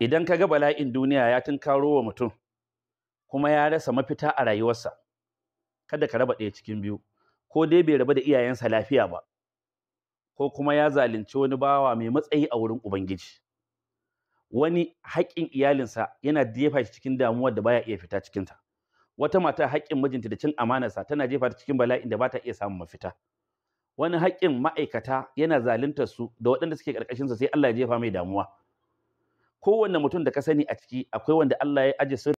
idan ka ga bala'in duniya ya tunkaro wa mutum kuma ya rasa mafita a rayuwarsa kada ka raba ɗaya cikin biyu ko dai bai raba da iyayensa lafiya ba ko kuma ya zalunci wani bawa mai matsayi a wurin ubangiji wani haƙƙin iyalinsa yana jefa shi cikin damuwar da baya iya fita cikinta wata mata haƙƙin mijinta da cin amanarsa tana jefa ta cikin bala'in da ba ta iya samun mafita wani haƙƙin ma'aikata yana zaluntar su da waɗanda suke ƙarƙashinsa sai Allah ya jefa mai damuwa kowanne mutum da ka sani a ciki akwai wanda Allah ya aje sirri